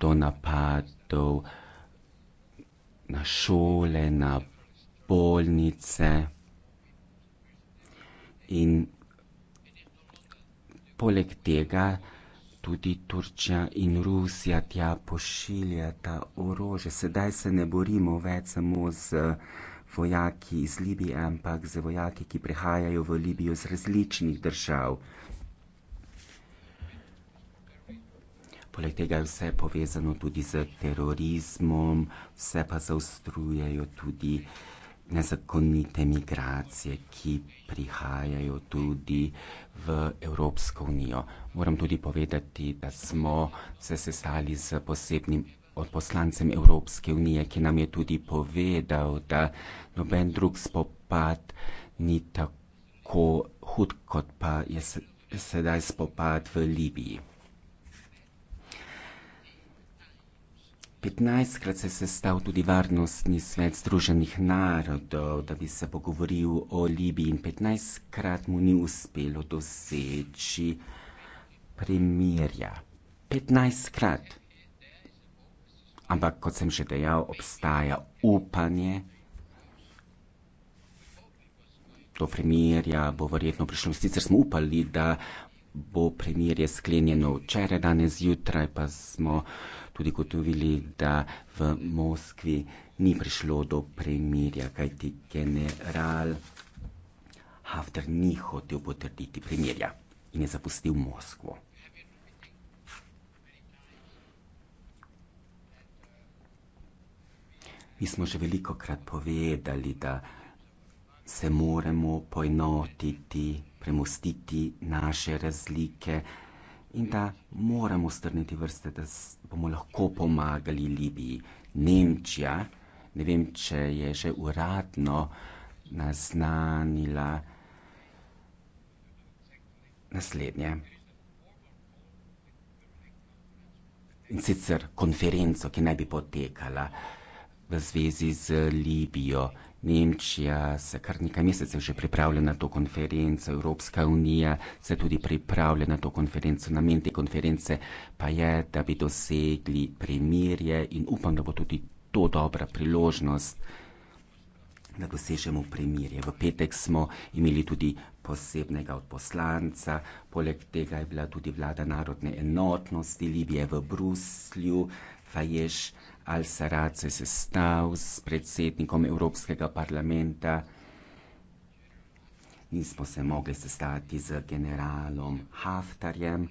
do napadov na šole, na bolnice. In poleg tega tudi Turčija in Rusija tja pošiljata orože. Sedaj se ne borimo več samo z eh, vojaki iz Libije, ampak z vojaki, ki prihajajo v Libijo iz različnih držav. Poleg tega je vse povezano tudi z terorizmom, vse pa zaostrujejo tudi nezakonite migracije, ki prihajajo tudi v Evropsko unijo. Moram tudi povedati, da smo se sestali z posebnim odposlancem Evropske unije, ki nam je tudi povedal, da noben drug spopad ni tako hud, kot pa je sedaj spopad v Libiji. 15-krat se je sestal tudi Varnostni svet Združenih narodov, da bi se pogovoril o Libiji in 15-krat mu ni uspelo doseči premirja. 15-krat. Ampak, kot sem že dejal, obstaja upanje, to premirja bo verjetno prišlo. Sicer smo upali, da bo premirje sklenjeno včeraj, danes, jutraj pa smo tudi gotovili, da v Moskvi ni prišlo do premirja, kajti general Haftar ni hotel potrditi premirja in je zapustil Moskvo. Mi smo že veliko krat povedali, da se moramo poenotiti, premustiti naše razlike in da moramo strniti vrste, da bomo lahko pomagali Libiji. Nemčija, ne vem, če je že uradno naznanila naslednje. In sicer konferenco, ki naj bi potekala v zvezi z Libijo, Nemčija se kar nekaj mesecev že pripravlja na to konferenco, Evropska unija se tudi pripravlja na to konferenco. Namen te konference pa je, da bi dosegli premirje in upam, da bo tudi to dobra priložnost, da dosežemo premirje. V petek smo imeli tudi posebnega odposlanca, poleg tega je bila tudi vlada narodne enotnosti Libije v Bruslju, Faješ. Al-Sarad se je sestal s predsednikom Evropskega parlamenta, nismo se mogli sestati z generalom Haftarjem,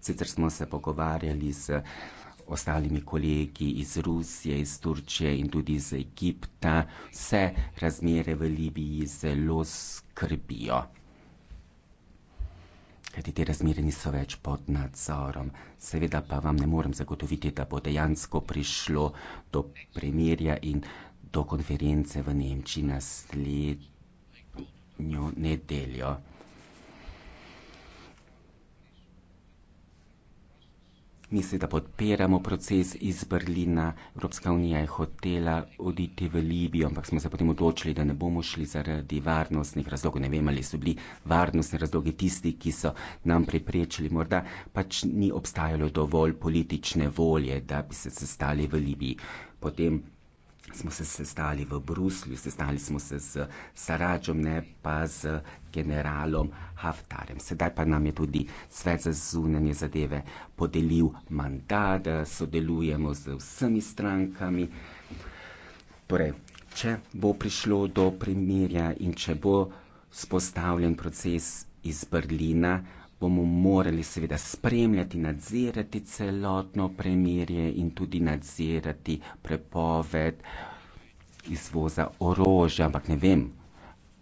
sicer smo se pogovarjali z ostalimi kolegi iz Rusije, iz Turčije in tudi iz Egipta. Vse razmere v Libiji zelo skrbijo kajti te razmere niso več pod nadzorom. Seveda pa vam ne morem zagotoviti, da bo dejansko prišlo do premirja in do konference v Nemčiji naslednjo nedeljo. Mi seveda podpiramo proces iz Berlina. Evropska unija je hotela oditi v Libijo, ampak smo se potem odločili, da ne bomo šli zaradi varnostnih razlogov. Ne vem, ali so bili varnostni razlogi tisti, ki so nam preprečili. Morda pač ni obstajalo dovolj politične volje, da bi se sestali v Libiji. Potem smo se sestali v Bruslju, sestali smo se z Saradžom, ne pa z generalom Haftarjem. Sedaj pa nam je tudi svet za zunanje zadeve podelil mandat, da sodelujemo z vsemi strankami. Torej, če bo prišlo do premirja in če bo spostavljen proces iz Brlina, bomo morali seveda spremljati, nadzirati celotno premirje in tudi nadzirati prepoved izvoza orožja, ampak ne vem,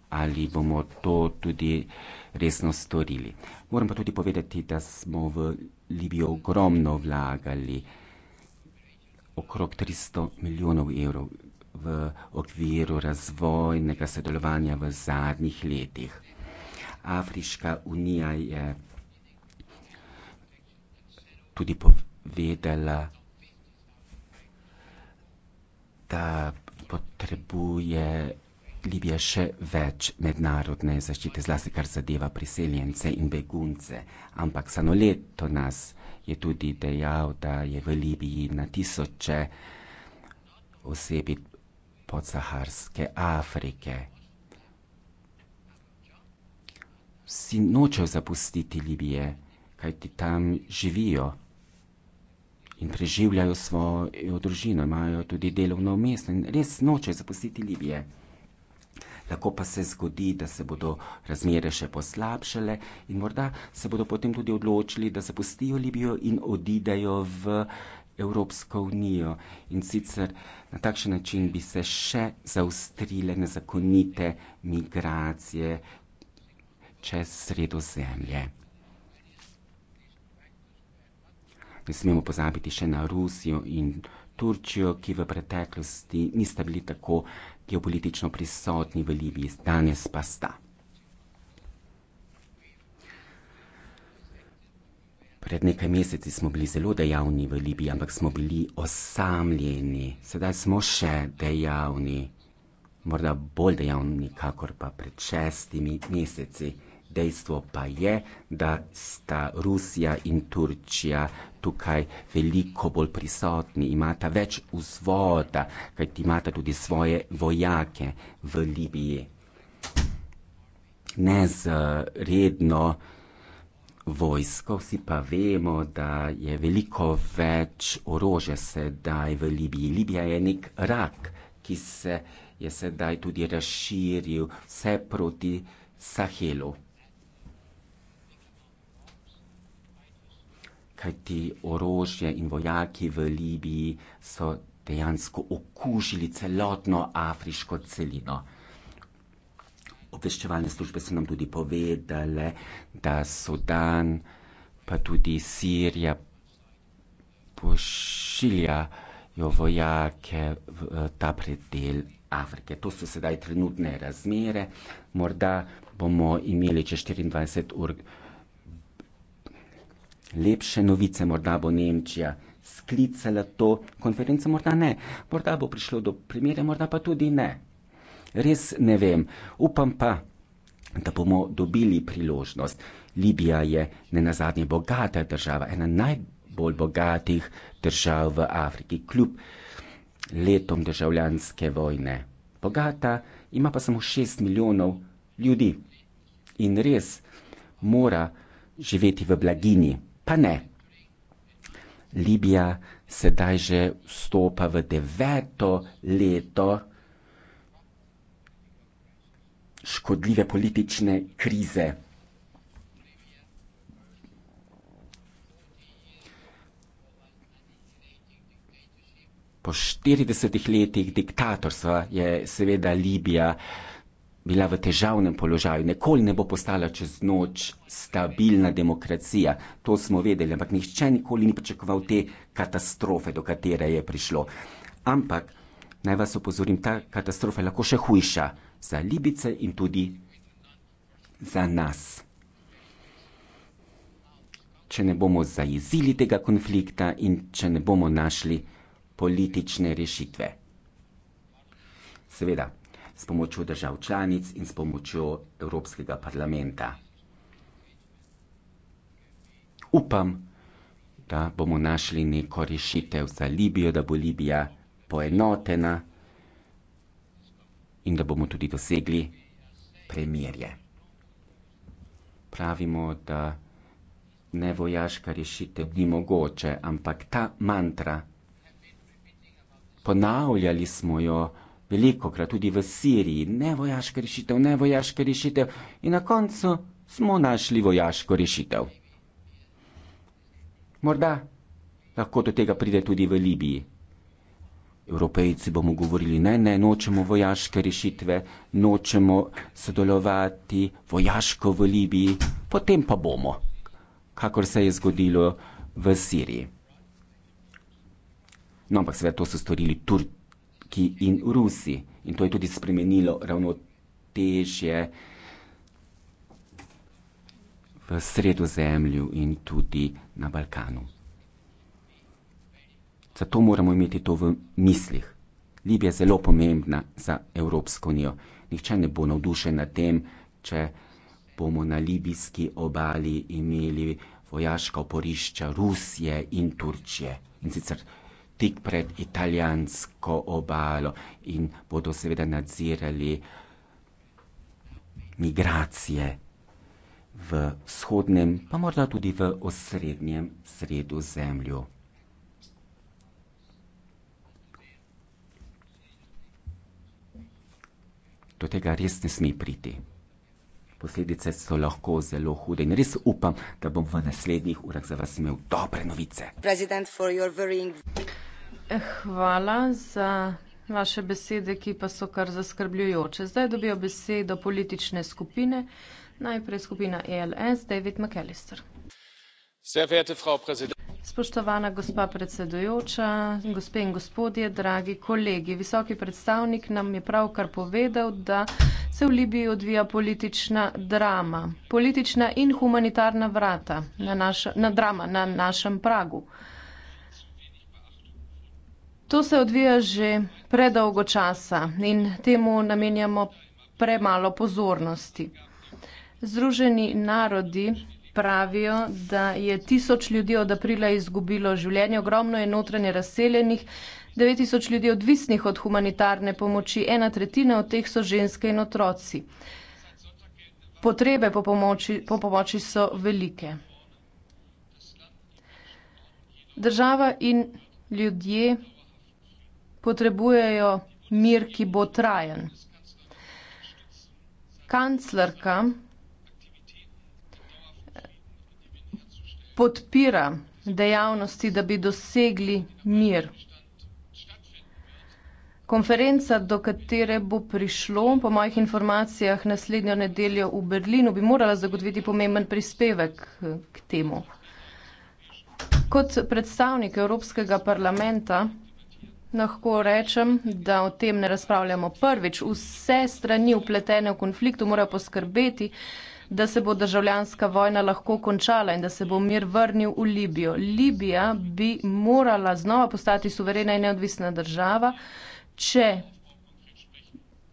ali bomo to tudi resno storili. Moram pa tudi povedati, da smo v Libijo ogromno vlagali, okrog 300 milijonov evrov v okviru razvojnega sodelovanja v zadnjih letih. Afriška unija je tudi povedala, da potrebuje Libija še več mednarodne zaščite, zlasti kar zadeva priseljence in begunce. Ampak samo leto nas je tudi dejal, da je v Libiji na tisoče osebi podsaharske Afrike. si nočejo zapustiti Libije, kajti tam živijo in preživljajo svojo družino, imajo tudi delovno mesto in res nočejo zapustiti Libije. Lahko pa se zgodi, da se bodo razmere še poslabšale in morda se bodo potem tudi odločili, da zapustijo Libijo in odidejo v Evropsko unijo. In sicer na takšen način bi se še zaustrile nezakonite migracije, čez sredozemlje. Ne smemo pozabiti še na Rusijo in Turčijo, ki v preteklosti nista bili tako geopolitično prisotni v Libiji, danes pa sta. Pred nekaj meseci smo bili zelo dejavni v Libiji, ampak smo bili osamljeni. Sedaj smo še dejavni, morda bolj dejavni, kakor pa pred šestimi meseci dejstvo pa je, da sta Rusija in Turčija tukaj veliko bolj prisotni, imata več vzvoda, kajti imata tudi svoje vojake v Libiji. Ne z redno vojsko, vsi pa vemo, da je veliko več orože sedaj v Libiji. Libija je nek rak, ki se je sedaj tudi razširil vse proti Sahelu. kajti orožje in vojaki v Libiji so dejansko okužili celotno afriško celino. Obveščevalne službe so nam tudi povedale, da Sudan, pa tudi Sirija, pošiljajo vojake v eh, ta predel Afrike. To so sedaj trenutne razmere. Morda bomo imeli čez 24 ur lepše novice, morda bo Nemčija sklicala to konferenco, morda ne, morda bo prišlo do primere, morda pa tudi ne. Res ne vem. Upam pa, da bomo dobili priložnost. Libija je ne nazadnje bogata država, ena najbolj bogatih držav v Afriki, kljub letom državljanske vojne. Bogata ima pa samo šest milijonov ljudi in res mora živeti v blaginji pa ne. Libija sedaj že vstopa v deveto leto škodljive politične krize. Po 40 letih diktatorstva je seveda Libija bila v težavnem položaju, nikoli ne bo postala čez noč stabilna demokracija. To smo vedeli, ampak nihče nikoli ni pričakoval te katastrofe, do katere je prišlo. Ampak naj vas opozorim, ta katastrofa je lahko še hujša za Libice in tudi za nas. Če ne bomo zajezili tega konflikta in če ne bomo našli politične rešitve. Seveda, s pomočjo držav članic in s pomočjo Evropskega parlamenta. Upam, da bomo našli neko rešitev za Libijo, da bo Libija poenotena in da bomo tudi dosegli premirje. Pravimo, da ne vojaška rešitev ni mogoče, ampak ta mantra, ponavljali smo jo, veliko krat tudi v Siriji, ne vojaška rešitev, ne vojaška rešitev, in na koncu smo našli vojaško rešitev. Morda lahko do tega pride tudi v Libiji. Evropejci bomo govorili, ne, ne, nočemo vojaške rešitve, nočemo sodelovati vojaško v Libiji, potem pa bomo, kakor se je zgodilo v Siriji. No, ampak seveda to so storili Turki. Turki in Rusi. In to je tudi spremenilo ravnotežje v sredozemlju in tudi na Balkanu. Zato moramo imeti to v mislih. Libija je zelo pomembna za Evropsko unijo. Nihče ne bo navdušen nad tem, če bomo na libijski obali imeli vojaška oporišča Rusije in Turčije. In sicer tik pred italijansko obalo in bodo seveda nadzirali migracije v vzhodnem, pa morda tudi v osrednjem sredu zemlju. Do tega res ne sme priti. Posledice so lahko zelo hude in res upam, da bom v naslednjih urah za vas imel dobre novice. Eh, hvala za vaše besede, ki pa so kar zaskrbljujoče. Zdaj dobijo besedo politične skupine, najprej skupina ELS, David McAllister. Sehr verehrte Frau Präsidentin. Spoštovana gospa predsedujoča, gospe in gospodje, dragi kolegi. Visoki predstavnik nam je pravkar povedal, da se v Libiji odvija politična drama. Politična in humanitarna vrata na naš, na drama na našem pragu. To se odvija že predolgo časa in temu namenjamo premalo pozornosti. Združeni narodi pravijo, da je tisoč ljudi od aprila izgubilo življenje, ogromno je notranje razseljenih, 9000 ljudi odvisnih od humanitarne pomoči, ena tretjina od teh so ženske in otroci. Potrebe po pomoči, po pomoči so velike. Država in ljudje potrebujejo mir, ki bo trajen. Kanclerka podpira dejavnosti, da bi dosegli mir. Konferenca, do katere bo prišlo, po mojih informacijah, naslednjo nedeljo v Berlinu, bi morala zagotoviti pomemben prispevek eh, k temu. Kot predstavnik Evropskega parlamenta lahko rečem, da o tem ne razpravljamo prvič. Vse strani upletene v konfliktu morajo poskrbeti, da se bo državljanska vojna lahko končala in da se bo mir vrnil v Libijo. Libija bi morala znova postati suverena in neodvisna država, če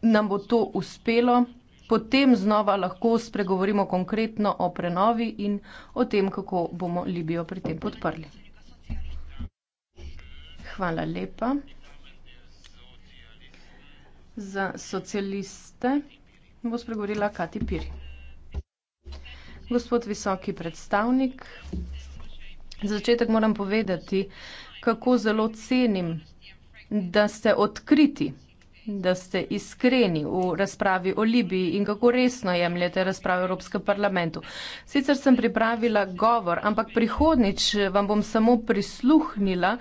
nam bo to uspelo. Potem znova lahko spregovorimo konkretno o prenovi in o tem, kako bomo Libijo pri tem podprli. Hvala lepa. Za socialiste bo spregovorila Kati Piri. Gospod visoki predstavnik, za začetek moram povedati, kako zelo cenim, da ste odkriti, da ste iskreni v razpravi o Libiji in kako resno jemljete razpravo v Evropskem parlamentu. Sicer sem pripravila govor, ampak prihodnič vam bom samo prisluhnila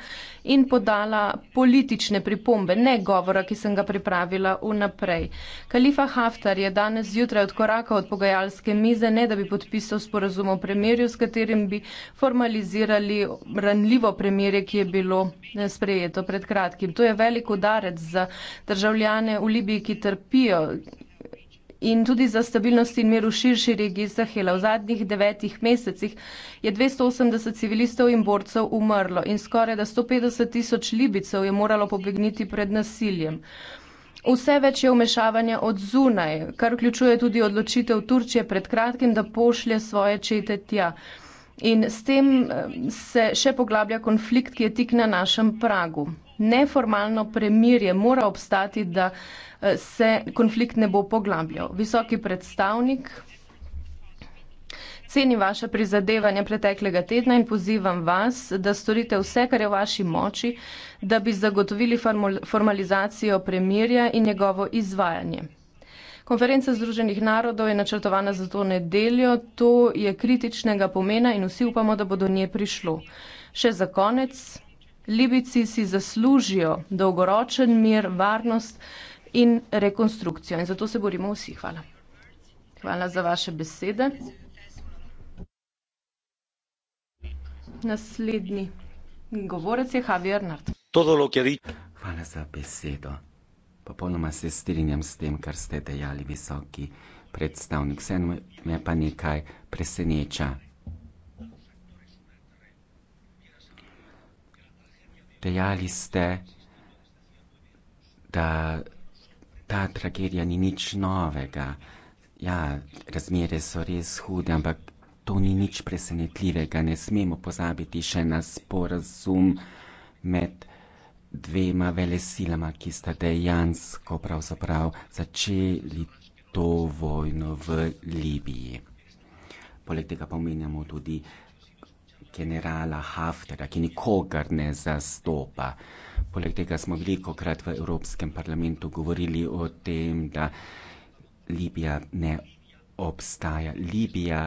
in podala politične pripombe, ne govora, ki sem ga pripravila vnaprej. Kalifa Haftar je danes zjutraj odkorakal od pogajalske mize, ne da bi podpisal sporazum o premirju, s katerim bi formalizirali ranljivo premirje, ki je bilo eh, sprejeto pred kratkim. To je velik udarec za državljane v Libiji, ki trpijo in tudi za stabilnost in mir v širši regiji Sahela. V zadnjih devetih mesecih je 280 civilistov in borcev umrlo in skoraj da 150 tisoč libicev je moralo pobegniti pred nasiljem. Vse več je vmešavanja od zunaj, kar vključuje tudi odločitev Turčije pred kratkim, da pošlje svoje čete tja. In s tem eh, se še poglablja konflikt, ki je tik na našem pragu. Neformalno premirje mora obstati, da se konflikt ne bo poglabljal. Visoki predstavnik, cenim vaše prizadevanja preteklega tedna in pozivam vas, da storite vse, kar je v vaši moči, da bi zagotovili formalizacijo premirja in njegovo izvajanje. Konferenca Združenih narodov je načrtovana za to nedeljo, to je kritičnega pomena in vsi upamo, da bo do nje prišlo. Še za konec, Libici si zaslužijo dolgoročen mir, varnost in rekonstrukcijo. In zato se borimo vsi. Hvala. Hvala za vaše besede. Naslednji govorec je Javier Nard. Hvala za besedo. Popolnoma se strinjam s tem, kar ste dejali, visoki predstavnik. Vseeno me pa nekaj preseneča. Dejali ste, da ta tragedija ni nič novega. Ja, razmere so res hude, ampak to ni nič presenetljivega. Ne smemo pozabiti še na sporazum med dvema velesilama, ki sta dejansko pravzaprav začeli to vojno v Libiji. Poleg tega pomenjamo tudi generala Haftarja, ki nikogar ne zastopa. Poleg tega smo veliko krat v Evropskem parlamentu govorili o tem, da Libija ne obstaja. Libija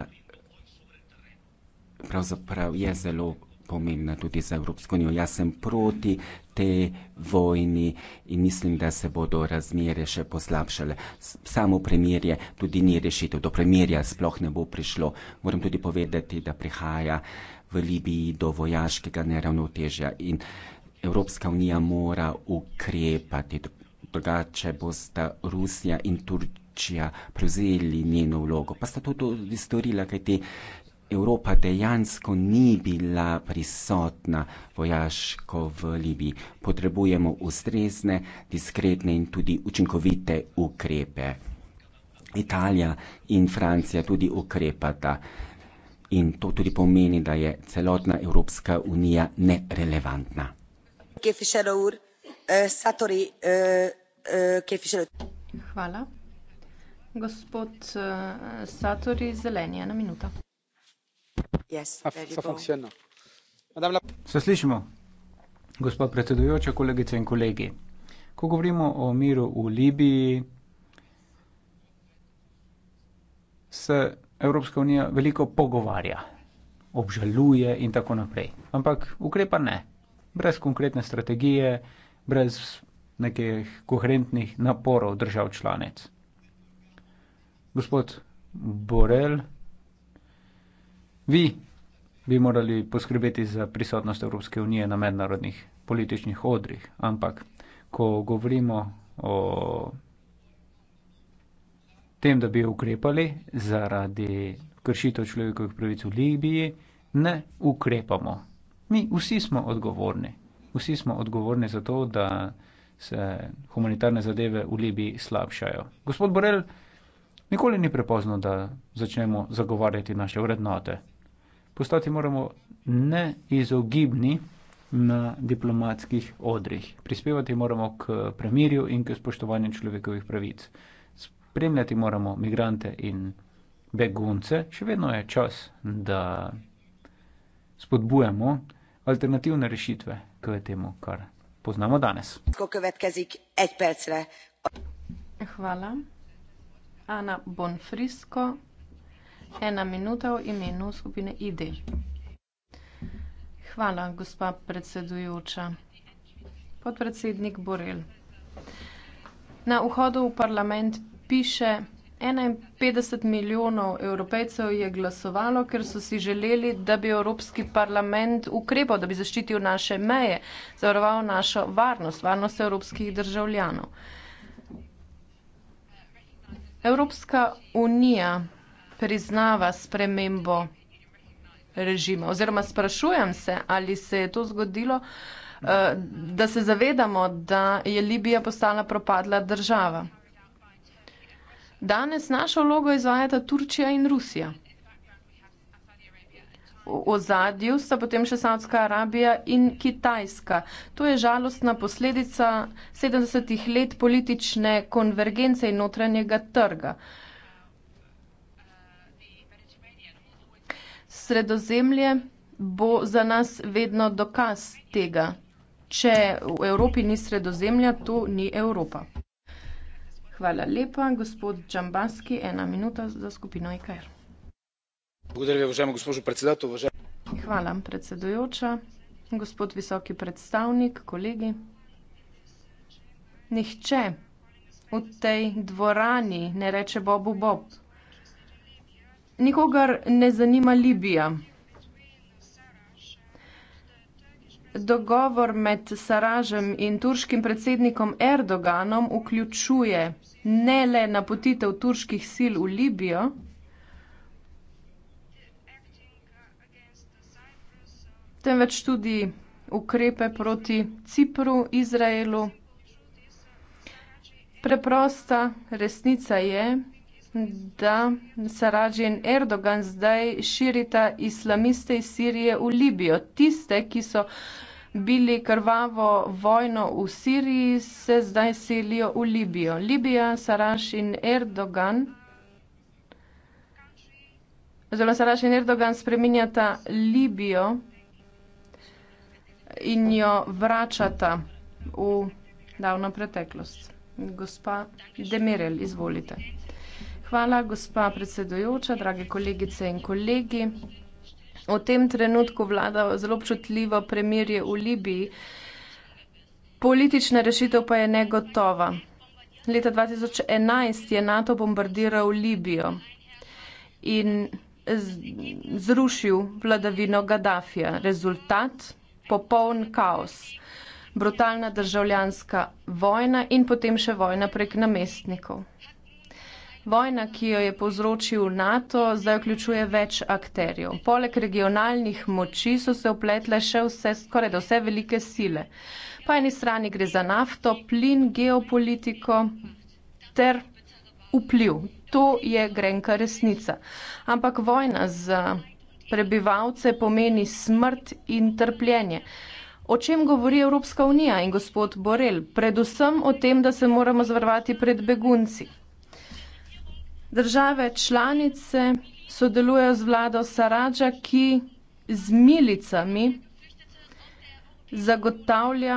pravzaprav je zelo pomembna tudi za Evropsko unijo. Jaz sem proti tej vojni in mislim, da se bodo razmere še poslabšale. Samo premirje tudi ni rešitev. Do premirja sploh ne bo prišlo. Moram tudi povedati, da prihaja uh, v Libiji do vojaškega neravnotežja in Evropska unija mora ukrepati, drugače bosta Rusija in Turčija prevzeli njeno vlogo. Pa sta to tudi storila, kajti Evropa dejansko ni bila prisotna vojaško v Libiji. Potrebujemo ustrezne, diskretne in tudi učinkovite ukrepe. Italija in Francija tudi ukrepata in to tudi pomeni, da je celotna Evropska unija nerelevantna. Eh, eh, eh, Hvala. Gospod uh, Satori, zeleni, ena minuta. Se slišimo? Gospod predsedujoča, kolegice in kolegi. Ko govorimo o miru v Libiji, se Evropska unija veliko pogovarja, obžaluje in tako naprej. Ampak ukrepa ne. Brez konkretne strategije, brez nekih koherentnih naporov držav članic. Gospod Borel, vi bi morali poskrbeti za prisotnost Evropske unije na mednarodnih političnih odrih, ampak ko govorimo o tem, da bi ukrepali zaradi kršitev človekovih pravic v Libiji, ne ukrepamo. Mi vsi smo odgovorni. Vsi smo odgovorni za to, da se humanitarne zadeve v Libiji slabšajo. Gospod Borel, nikoli ni prepozno, da začnemo zagovarjati naše vrednote. Postati moramo neizogibni na diplomatskih odrih. Prispevati moramo k premirju in k spoštovanju človekovih pravic. Premljati moramo migrante in begunce, še vedno je čas, da spodbujamo alternativne rešitve k temu, kar poznamo danes. Hvala. Ana Bonfrisko, ena minuta v imenu skupine ID. Hvala, gospa predsedujoča. Podpredsednik Borel. Na vhodu v parlament piše, 51 milijonov evropejcev je glasovalo, ker so si želeli, da bi Evropski parlament ukrepal, da bi zaščitil naše meje, zavaroval našo varnost, varnost evropskih državljanov. Evropska unija priznava spremembo režima oziroma sprašujem se, ali se je to zgodilo, eh, da se zavedamo, da je Libija postala propadla država. Danes našo vlogo izvajata Turčija in Rusija. V ozadju sta potem še Saudska Arabija in Kitajska. To je žalostna posledica 70 let politične konvergence in notranjega trga. Sredozemlje bo za nas vedno dokaz tega. Če v Evropi ni sredozemlja, to ni Evropa. Hvala lepa. Gospod Čambanski, ena minuta za skupino IKR. Podarjam, vžem, predsedatu, vžem. Hvala, predsedujoča. Gospod visoki predstavnik, kolegi. Nihče v tej dvorani ne reče Bobu Bob. Nikogar ne zanima Libija. dogovor med Saražem in turškim predsednikom Erdoganom vključuje ne le napotitev turških sil v Libijo, temveč tudi ukrepe proti Cipru, Izraelu. Preprosta resnica je, da Sarađe in Erdogan zdaj širita islamiste iz Sirije v Libijo. Tiste, ki so bili krvavo vojno v Siriji, se zdaj selijo v Libijo. Libija, Sarađe in Erdogan. Zelo Saraš in Erdogan spreminjata Libijo in jo vračata v davno preteklost. Gospa Demirel, izvolite. Hvala, gospa predsedujoča, drage kolegice in kolegi. V tem trenutku vlada zelo občutljivo premirje v Libiji, politična rešitev pa je negotova. Leta 2011 je NATO bombardiral Libijo in zrušil vladavino Gaddafija. Rezultat? Popoln kaos. Brutalna državljanska vojna in potem še vojna prek namestnikov. Vojna, ki jo je povzročil NATO, zdaj vključuje več akterjev. Poleg regionalnih moči so se upletle še vse, skoraj da vse velike sile. Po eni strani gre za nafto, plin, geopolitiko ter vpliv. To je grenka resnica. Ampak vojna za prebivalce pomeni smrt in trpljenje. O čem govori Evropska unija in gospod Borel? Predvsem o tem, da se moramo zvrvati pred begunci. Države članice sodelujejo z vlado Sarađa, ki z milicami zagotavlja,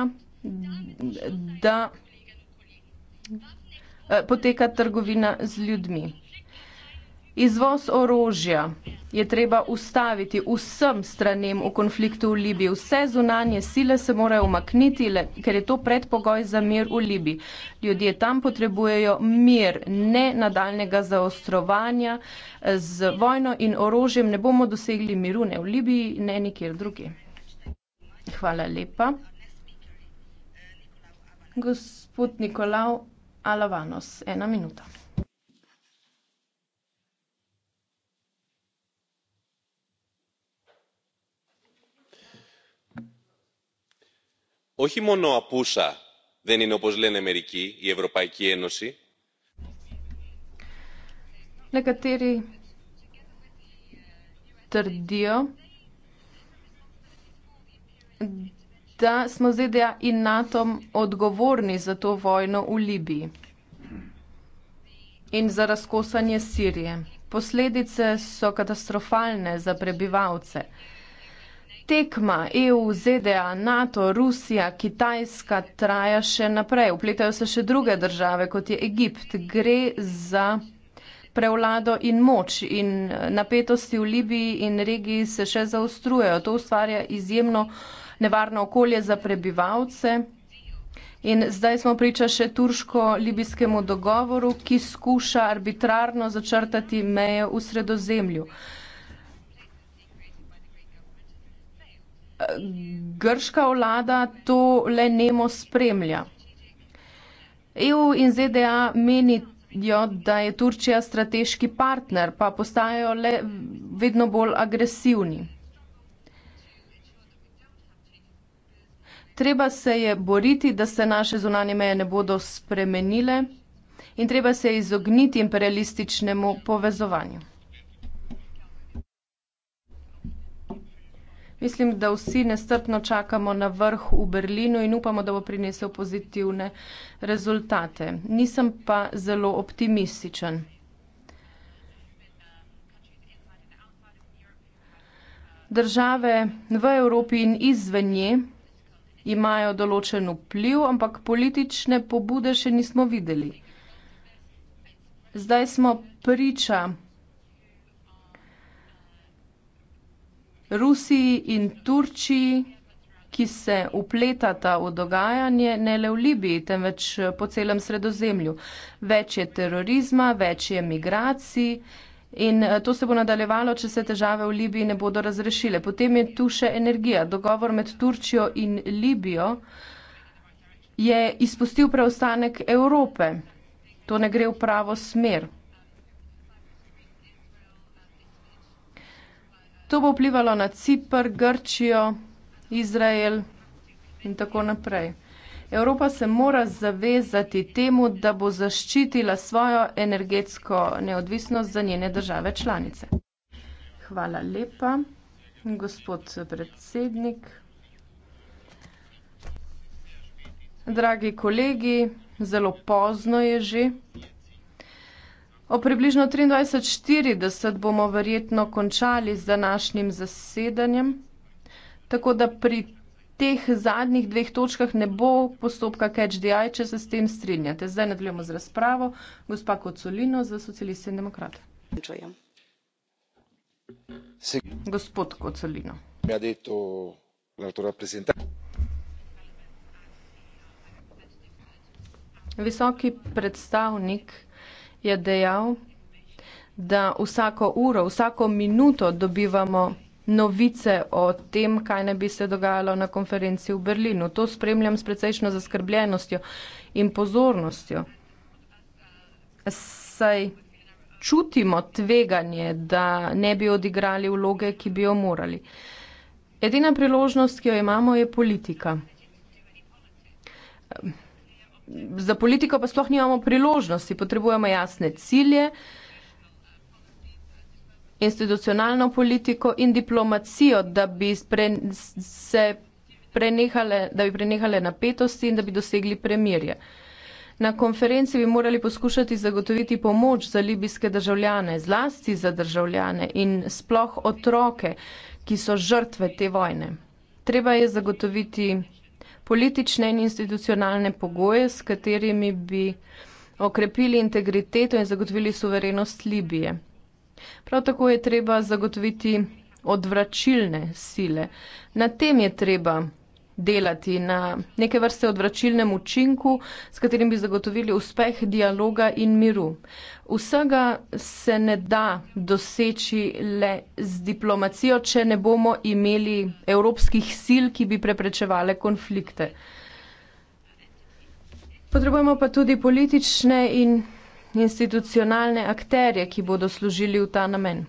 da eh, poteka trgovina z ljudmi. Izvoz orožja je treba ustaviti vsem stranem v konfliktu v Libiji. Vse zunanje sile se morajo umakniti, ker je to predpogoj za mir v Libiji. Ljudje tam potrebujejo mir, ne nadaljnega zaostrovanja. Eh, z vojno in orožjem ne bomo dosegli miru ne v Libiji, ne nikjer drugi. Hvala lepa. Gospod Nikolav Alavanos, ena minuta. όχι μόνο απούσα δεν είναι όπως λένε μερικοί η Ευρωπαϊκή Ένωση. Nekateri trdijo, da smo ZDA in NATO odgovorni za to vojno v Libiji in za razkosanje Sirije. Posledice so katastrofalne za prebivalce tekma EU, ZDA, NATO, Rusija, Kitajska traja še naprej. Vpletajo se še druge države, kot je Egipt. Gre za prevlado in moč in eh, napetosti v Libiji in regiji se še zaostrujejo. To ustvarja izjemno nevarno okolje za prebivalce. In zdaj smo priča še turško-libijskemu dogovoru, ki skuša arbitrarno začrtati meje v sredozemlju. grška vlada to le nemo spremlja. EU in ZDA menijo, da je Turčija strateški partner, pa postajajo le vedno bolj agresivni. Treba se je boriti, da se naše zunanje meje ne bodo spremenile in treba se je izogniti imperialističnemu povezovanju. Mislim, da vsi nestrpno čakamo na vrh v Berlinu in upamo, da bo prinesel pozitivne rezultate. Nisem pa zelo optimističen. Države v Evropi in izven nje imajo določen vpliv, ampak politične pobude še nismo videli. Zdaj smo priča Rusiji in Turčiji, ki se upletata v dogajanje ne le v Libiji, temveč eh, po celem sredozemlju. Več je terorizma, več je migracij. In eh, to se bo nadaljevalo, če se težave v Libiji ne bodo razrešile. Potem je tu še energija. Dogovor med Turčijo in Libijo je izpustil preostanek Evrope. To ne gre v pravo smer. To bo vplivalo na Cipr, Grčijo, Izrael in tako naprej. Evropa se mora zavezati temu, da bo zaščitila svojo energetsko neodvisnost za njene države članice. Hvala lepa, gospod predsednik. Dragi kolegi, zelo pozno je že. O približno 23.40 bomo verjetno končali z današnjim zasedanjem, tako da pri teh zadnjih dveh točkah ne bo postopka catch the eye, če se s tem strinjate. Zdaj nadaljujemo z razpravo. Gospa Kocolino za socialiste in demokrate. Gospod Kocolino. Visoki predstavnik je dejal, da vsako uro, vsako minuto dobivamo novice o tem, kaj ne bi se dogajalo na konferenci v Berlinu. To spremljam s precejšno zaskrbljenostjo in pozornostjo. Saj čutimo tveganje, da ne bi odigrali vloge, ki bi jo morali. Edina priložnost, ki jo imamo, je politika za politiko pa sploh nimamo priložnosti, potrebujemo jasne cilje, institucionalno politiko in diplomacijo, da bi spre, se prenehale, da bi prenehale napetosti in da bi dosegli premirje. Na konferenci bi morali poskušati zagotoviti pomoč za libijske državljane, zlasti za državljane in sploh otroke, ki so žrtve te vojne. Treba je zagotoviti politične in institucionalne pogoje, s katerimi bi okrepili integriteto in zagotovili suverenost Libije. Prav tako je treba zagotoviti odvračilne sile. Na tem je treba delati na neke vrste odvračilnem učinku, s katerim bi zagotovili uspeh dialoga in miru. Vsega se ne da doseči le z diplomacijo, če ne bomo imeli evropskih sil, ki bi preprečevale konflikte. Potrebujemo pa tudi politične in institucionalne akterje, ki bodo služili v ta namen.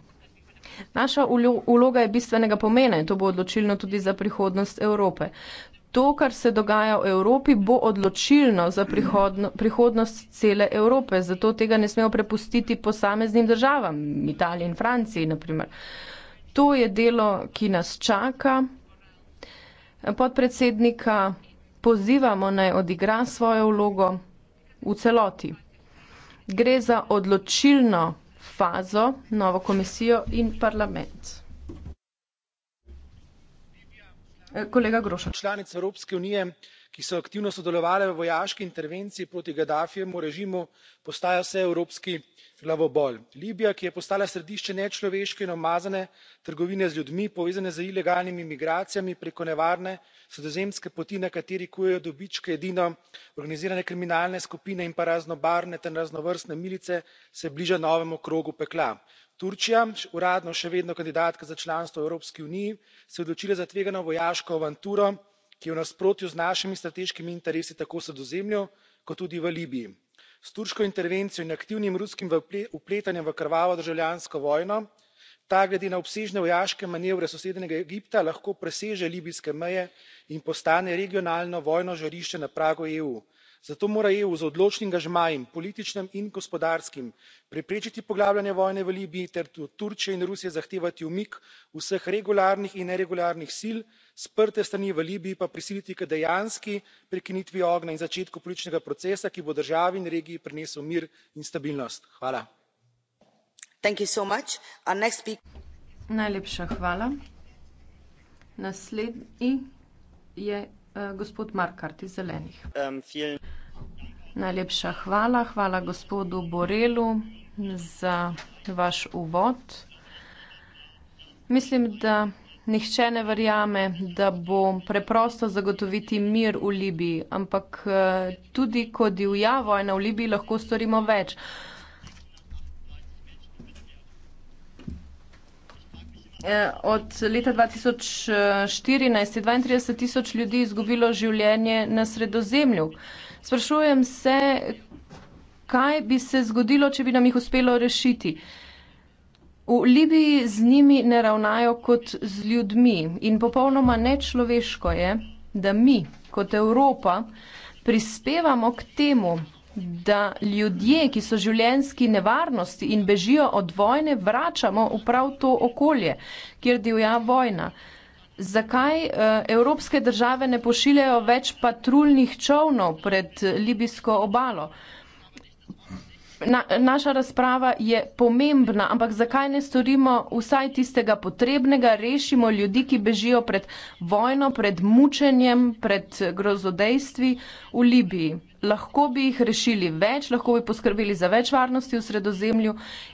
Naša uloga je bistvenega pomena in to bo odločilno tudi za prihodnost Evrope. To, kar se dogaja v Evropi, bo odločilno za prihodno, prihodnost cele Evrope, zato tega ne smemo prepustiti posameznim državam, Italiji in Franciji, naprimer. To je delo, ki nas čaka. Podpredsednika pozivamo naj odigra svojo vlogo v celoti. Gre za odločilno fazo, novo komisijo in parlament. E, kolega Grošo. Članice Evropske unije, ki so aktivno sodelovali v vojaški intervenciji proti Gaddafijemu režimu, postajajo vse evropski glavobol. Libija, ki je postala središče nečloveške in umazane trgovine z ljudmi, povezane z ilegalnimi migracijami preko nevarne sredozemske poti na kateri kujejo dobičke edino organizirane kriminalne skupine in pa raznobarvne ter raznovrstne milice se bliža novemu krogu pekla. turčija uradno še vedno kandidatka za članstvo v evropski uniji se je odločila za tvegano vojaško avanturo ki je v nasprotju z našimi strateškimi interesi tako v sredozemlju kot tudi v libiji. s turško intervencijo in aktivnim ruskim vpletanjem v krvavo državljansko vojno ta glede na obsežne vojaške manevre sosednjega egipta lahko preseže libijske meje in postane regionalno vojno žarišče na pragu eu. zato mora eu z odločnim angažmajem političnim in gospodarskim preprečiti poglabljanje vojne v libiji ter od turčije in rusije zahtevati umik vseh regularnih in neregularnih sil sprte strani v libiji pa prisiliti k dejanski prekinitvi ognja in začetku političnega procesa ki bo državi in regiji prinesel mir in stabilnost. Najlepša hvala. Eh, Najlepša hvala, hvala gospodu Borelu za vaš uvod. Mislim, da nihče ne verjame, da bo preprosto zagotoviti mir v Libiji, ampak, eh, tudi ko divja vojna v Libiji, lahko storimo več. Eh, od leta 2014 je 32 tisoč ljudi izgubilo življenje na sredozemlju. Sprašujem se, kaj bi se zgodilo, če bi nam jih uspelo rešiti. V Libiji z njimi ne ravnajo kot z ljudmi in popolnoma nečloveško je, da mi kot Evropa prispevamo k temu, da ljudje, ki so življenski nevarnosti in bežijo od vojne, vračamo v prav to okolje, kjer divja vojna. Zakaj eh, evropske države ne pošiljajo več patruljnih čovnov pred libijsko obalo? na, naša razprava je pomembna, ampak zakaj ne storimo vsaj tistega potrebnega, rešimo ljudi, ki bežijo pred vojno, pred mučenjem, pred grozodejstvi v Libiji. Lahko bi jih rešili več, lahko bi poskrbeli za več varnosti v sredozemlju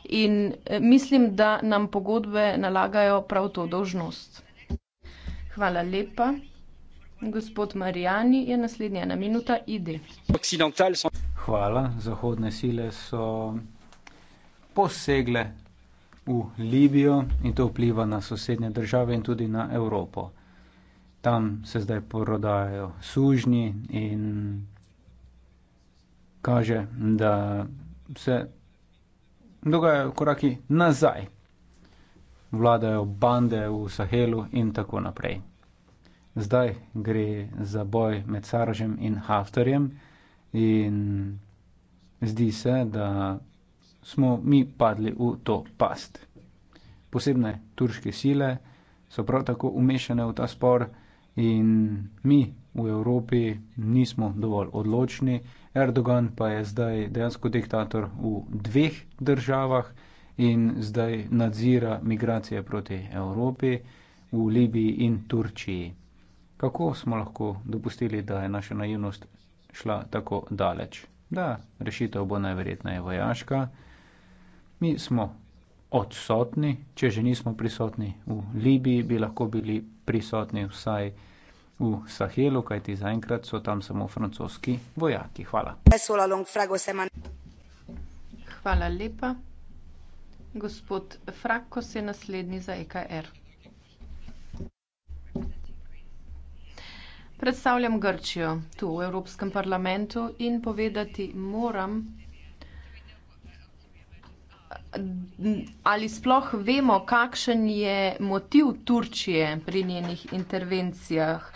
in eh, mislim, da nam pogodbe nalagajo prav to dožnost. Hvala lepa. Gospod Marijani je naslednja na minuta. Idi hvala. Zahodne sile so posegle v Libijo in to vpliva na sosednje države in tudi na Evropo. Tam se zdaj porodajo sužnji in kaže, da se dogajajo koraki nazaj. Vladajo bande v Sahelu in tako naprej. Zdaj gre za boj med Saržem in Haftarjem. In zdi se, da smo mi padli v to past. Posebne turške sile so prav tako umešane v ta spor in mi v Evropi nismo dovolj odločni. Erdogan pa je zdaj dejansko diktator v dveh državah in zdaj nadzira migracije proti Evropi, v Libiji in Turčiji. Kako smo lahko dopustili, da je naša naivnost šla tako daleč. Da, rešitev bo najverjetneje vojaška. Mi smo odsotni, če že nismo prisotni v Libiji, bi lahko bili prisotni vsaj v Sahelu, kajti zaenkrat so tam samo francoski vojaki. Hvala. Hvala lepa. Gospod Frako se naslednji za EKR. Predstavljam Grčijo tu v Evropskem parlamentu in povedati moram, ali sploh vemo, kakšen je motiv Turčije pri njenih intervencijah.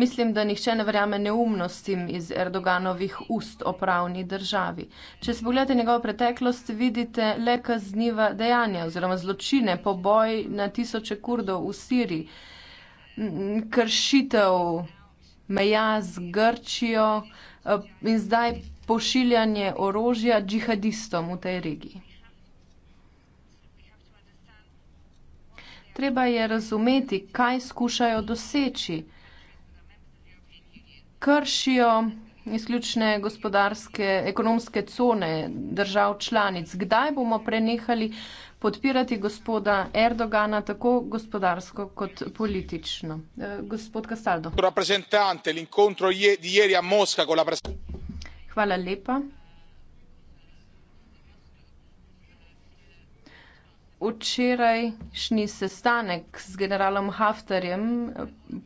Mislim, da nihče ne verjame neumnostim iz Erdoganovih ust o pravni državi. Če se pogledate njegovo preteklost, vidite le kazniva dejanja oziroma zločine, poboj na tisoče kurdov v Siriji, kršitev meja z Grčijo eh, in zdaj pošiljanje orožja džihadistom v tej regiji. Treba je razumeti, kaj skušajo doseči. Kršijo izključne gospodarske, ekonomske cone držav članic. Kdaj bomo prenehali podpirati gospoda Erdogana tako gospodarsko kot politično. E, gospod Castaldo. Hvala lepa. Včerajšnji sestanek z generalom Haftarjem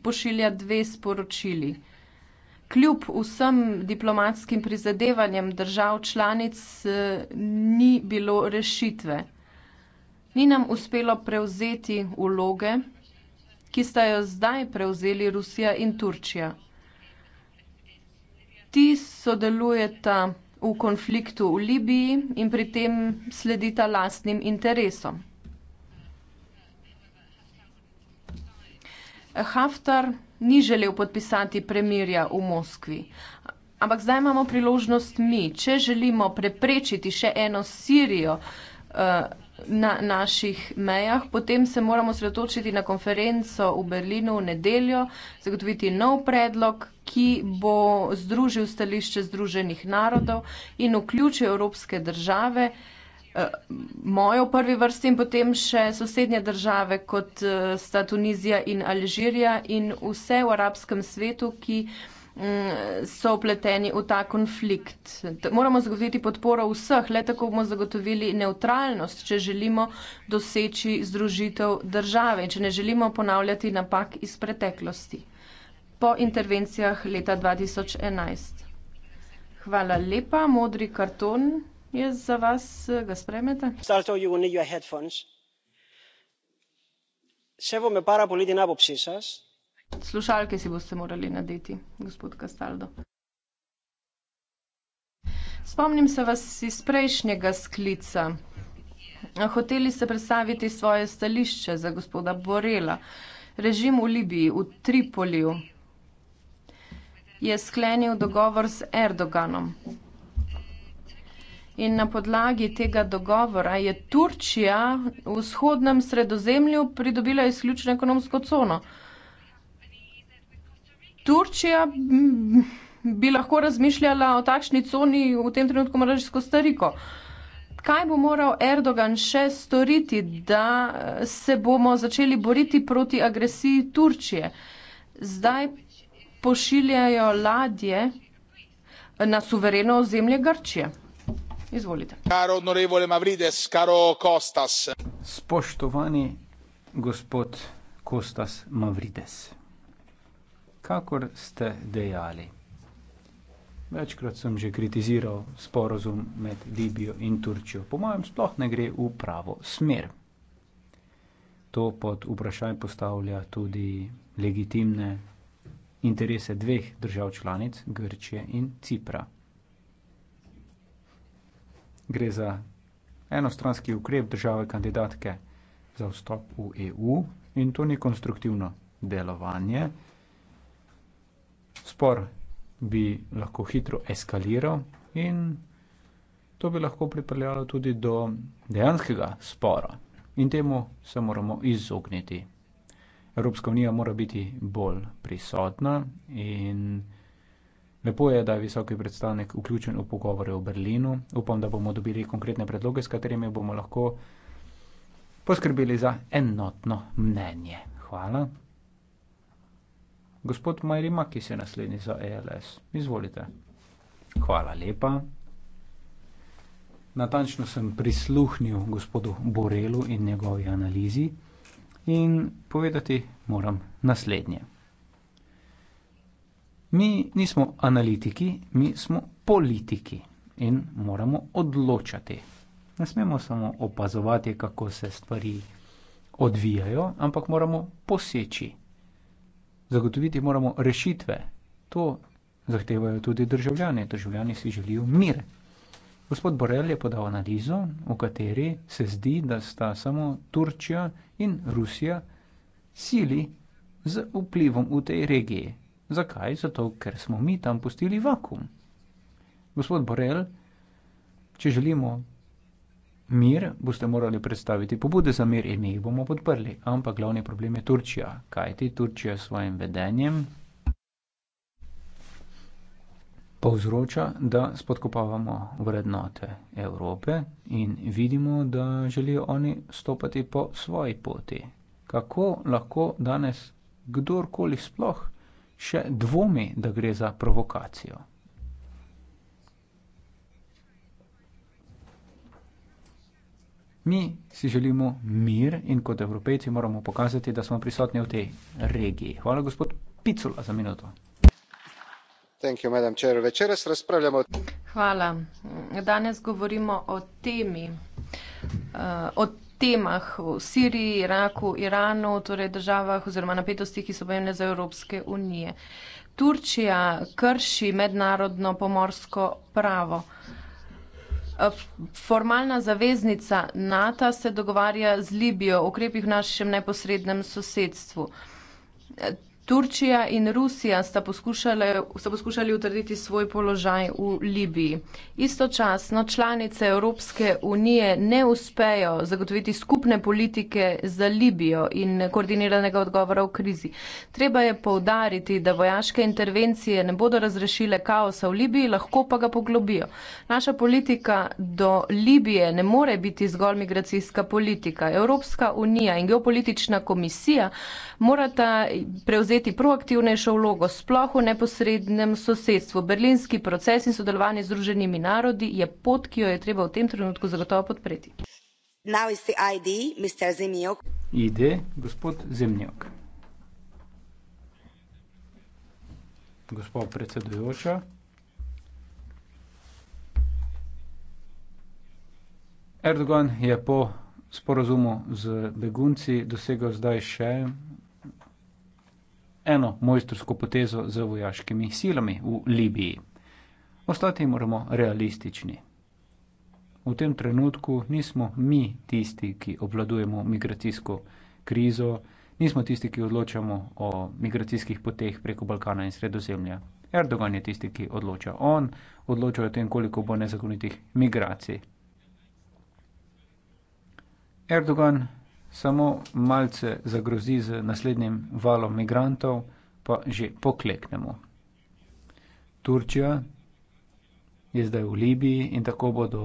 pošilja dve sporočili. Kljub vsem diplomatskim prizadevanjem držav članic e, ni bilo rešitve ni nam uspelo prevzeti vloge, ki sta jo zdaj prevzeli Rusija in Turčija. Ti sodelujeta v konfliktu v Libiji in pri tem sledita lastnim interesom. Haftar ni želel podpisati premirja v Moskvi. Ampak zdaj imamo priložnost mi, če želimo preprečiti še eno Sirijo, eh, na naših mejah. Potem se moramo sredotočiti na konferenco v Berlinu v nedeljo, zagotoviti nov predlog, ki bo združil stališče Združenih narodov in vključil evropske države, eh, mojo v prvi vrsti in potem še sosednje države, kot eh, sta Tunizija in Alžirija in vse v arabskem svetu, ki. Mm, so upleteni v ta konflikt. Moramo zagotoviti podporo vseh, le tako bomo zagotovili neutralnost, če želimo doseči združitev države, če ne želimo ponavljati napak iz preteklosti po intervencijah leta 2011. Hvala lepa, modri karton je za vas, ga spremete. Seveda me para politična opcija. Slušalke si boste morali nadeti, gospod Kastaldo. Spomnim se vas iz prejšnjega sklica. Hoteli ste predstaviti svoje stališče za gospoda Borela. Režim v Libiji, v Tripoliju, je sklenil dogovor z Erdoganom. In na podlagi tega dogovora je Turčija v vzhodnem sredozemlju pridobila izključno ekonomsko cono. Uh, Turčija mm, bi lahko razmišljala o takšni coni v tem trenutku Mrežsko stariko. Kaj bo moral Erdogan še storiti, da se bomo začeli boriti proti agresiji Turčije? Zdaj pošiljajo ladje na suvereno ozemlje Grčije. Izvolite. Karo Norevole Mavrides, Karo Kostas. Spoštovani gospod Kostas Mavrides kakor ste dejali. Večkrat sem že kritiziral sporozum med Libijo in Turčijo. Po mojem, sploh ne gre v pravo smer. To pod vprašaj postavlja tudi legitimne interese dveh držav članic, Grčije in Cipra. Gre za enostranski ukrep države kandidatke za vstop v EU in to ni konstruktivno delovanje spor bi lahko hitro eskaliral in to bi lahko pripeljalo tudi do dejanskega spora. In temu se moramo izogniti. Evropska unija mora biti bolj prisotna in lepo je, da je visoki predstavnik vključen v pogovore v Berlinu. Upam, da bomo dobili konkretne predloge, s katerimi bomo lahko poskrbeli za enotno mnenje. Hvala. Gospod Majri Makis je naslednji za ALS. E Izvolite. Hvala lepa. Natančno sem prisluhnil gospodu Borelu in njegovi analizi in povedati moram naslednje. Mi nismo analitiki, mi smo politiki in moramo odločati. Ne smemo samo opazovati, kako se stvari odvijajo, ampak moramo poseči zagotoviti moramo rešitve. To zahtevajo tudi državljani. Državljani si želijo mir. Gospod Borel je podal analizo, v kateri se zdi, da sta samo Turčija in Rusija sili z vplivom v tej regiji. Zakaj? Zato, ker smo mi tam pustili vakum. Gospod Borel, če želimo mir, boste morali predstaviti pobude za mir in mi jih bomo podprli. Ampak glavni problem je Turčija. Kaj ti Turčija s svojim vedenjem povzroča, da spodkopavamo vrednote Evrope in vidimo, da želijo oni stopati po svoji poti. Kako lahko danes kdorkoli sploh še dvomi, da gre za provokacijo? Mi si želimo mir in kot evropejci moramo pokazati, da smo prisotni v tej regiji. Hvala gospod Picula za minuto. Hvala. Danes govorimo o temi, eh, o temah v Siriji, Iraku, Iranu, torej državah oziroma napetostih, ki so pomembne za Evropske unije. Turčija krši mednarodno pomorsko pravo. Eh, formalna zaveznica NATO se dogovarja z Libijo o ukrepih v našem neposrednem sosedstvu. Eh, Turčija in Rusija sta poskušali, sta poskušali utrditi svoj položaj v Libiji. Istočasno članice Evropske unije ne uspejo zagotoviti skupne politike za Libijo in koordiniranega odgovora v krizi. Treba je povdariti, da vojaške intervencije ne bodo razrešile kaosa v Libiji, lahko pa ga poglobijo. Naša politika do Libije ne more biti zgolj migracijska politika. Evropska unija in geopolitična komisija morata prevzeti prevzeti proaktivnejšo vlogo sploh v neposrednem sosedstvu. Berlinski proces in sodelovanje z druženimi narodi je pot, ki jo je treba v tem trenutku zagotovo podpreti. ID, ide gospod Zemljok. Gospod predsedujoča. Erdogan je po sporazumu z begunci dosegel zdaj še eno mojstrsko potezo z vojaškimi silami v libiji ostati moramo realistični v tem trenutku nismo mi tisti ki obvladujemo migracijsko krizo nismo tisti ki odločamo o migracijskih poteh preko balkana in sredozemlja erdogan je tisti ki odloča on odloča o tem koliko bo nezakonitih migracij erdogan samo malce zagrozi z naslednjim valom migrantov, pa že pokleknemo. Turčija je zdaj v Libiji in tako bodo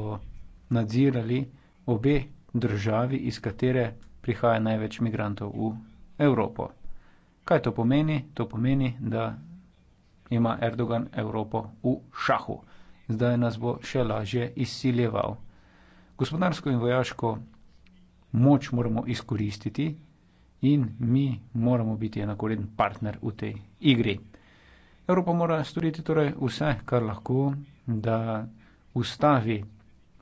nadzirali obe državi, iz katere prihaja največ migrantov v Evropo. Kaj to pomeni? To pomeni, da ima Erdogan Evropo v šahu. Zdaj nas bo še lažje izsiljeval. Gospodarsko in vojaško moč moramo izkoristiti in mi moramo biti enakovreden partner v tej igri. Evropa mora storiti torej vse, kar lahko, da ustavi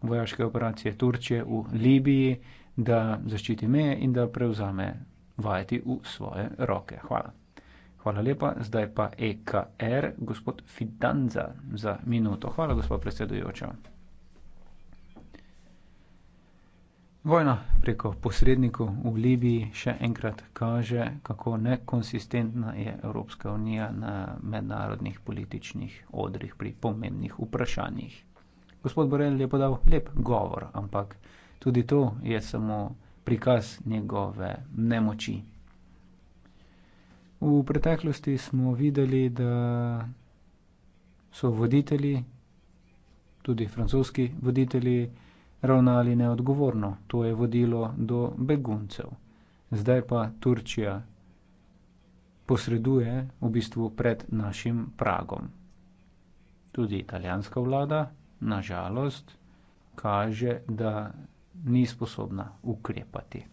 vojaške operacije Turčije v Libiji, da zaščiti meje in da prevzame vajeti v svoje roke. Hvala. Hvala lepa, zdaj pa EKR, gospod Fidanza, za minuto. Hvala, gospod predsedujoča. Vojna preko posrednikov v Libiji še enkrat kaže, kako nekonsistentna je Evropska unija na mednarodnih političnih odrih pri pomembnih vprašanjih. Gospod Borel je podal lep govor, ampak tudi to je samo prikaz njegove nemoči. V preteklosti smo videli, da so voditelji, tudi francoski voditelji, ravnali neodgovorno to je vodilo do beguncev zdaj pa turčija posreduje v bistvu pred našim pragom tudi italijanska vlada na žalost kaže da ni sposobna ukrepati